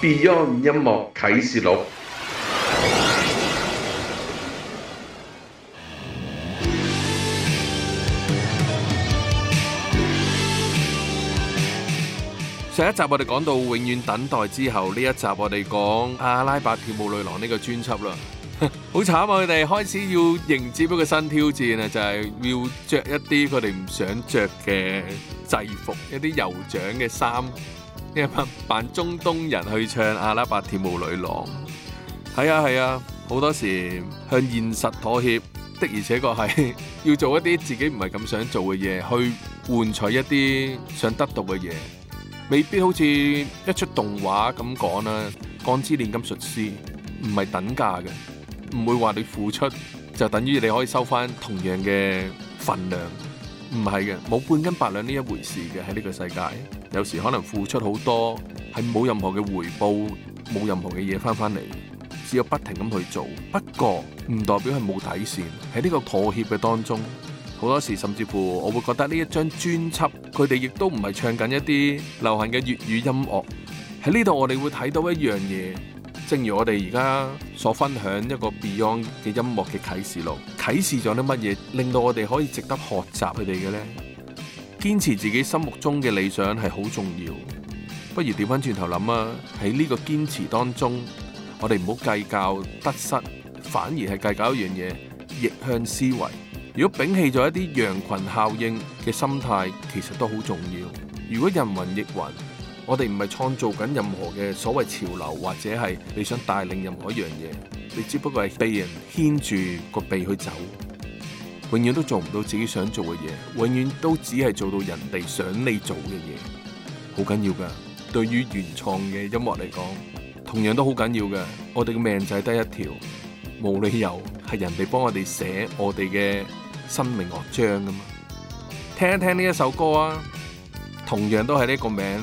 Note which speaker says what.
Speaker 1: Beyond 音樂啟事錄。上一集我哋講到永遠等待之後，呢一集我哋講《亞拉伯跳舞女郎》呢個專輯啦。好慘啊！佢哋開始要迎接一個新挑戰啊，就係要著一啲佢哋唔想著嘅制服，一啲酋長嘅衫。扮扮中東人去唱亞拉伯跳舞女郎，係啊係啊，好多時向現實妥協的，而且確係要做一啲自己唔係咁想做嘅嘢，去換取一啲想得到嘅嘢，未必好似一出動畫咁講啦。鋼之煉金術師唔係等價嘅，唔會話你付出就等於你可以收翻同樣嘅份量。唔係嘅，冇半斤八兩呢一回事嘅喺呢個世界。有時可能付出好多，係冇任何嘅回報，冇任何嘅嘢翻返嚟，只有不停咁去做。不過唔代表係冇底線喺呢個妥協嘅當中，好多時甚至乎我會覺得呢一張專輯，佢哋亦都唔係唱緊一啲流行嘅粵語音樂。喺呢度我哋會睇到一樣嘢。正如我哋而家所分享一個 Beyond 嘅音樂嘅啟示錄，啟示咗啲乜嘢，令到我哋可以值得學習佢哋嘅呢？堅持自己心目中嘅理想係好重要。不如調翻轉頭諗啊，喺呢個堅持當中，我哋唔好計較得失，反而係計較一樣嘢逆向思維。如果摒棄咗一啲羊群效應嘅心態，其實都好重要。如果人云亦云。我哋唔係創造緊任何嘅所謂潮流，或者係你想帶領任何一樣嘢。你只不過係被人牽住個鼻去走，永遠都做唔到自己想做嘅嘢，永遠都只係做到人哋想你做嘅嘢。好緊要㗎，對於原創嘅音樂嚟講，同樣都好緊要嘅。我哋嘅命就係得一條，冇理由係人哋幫我哋寫我哋嘅生命樂章㗎嘛。聽一聽呢一首歌啊，同樣都係呢個名。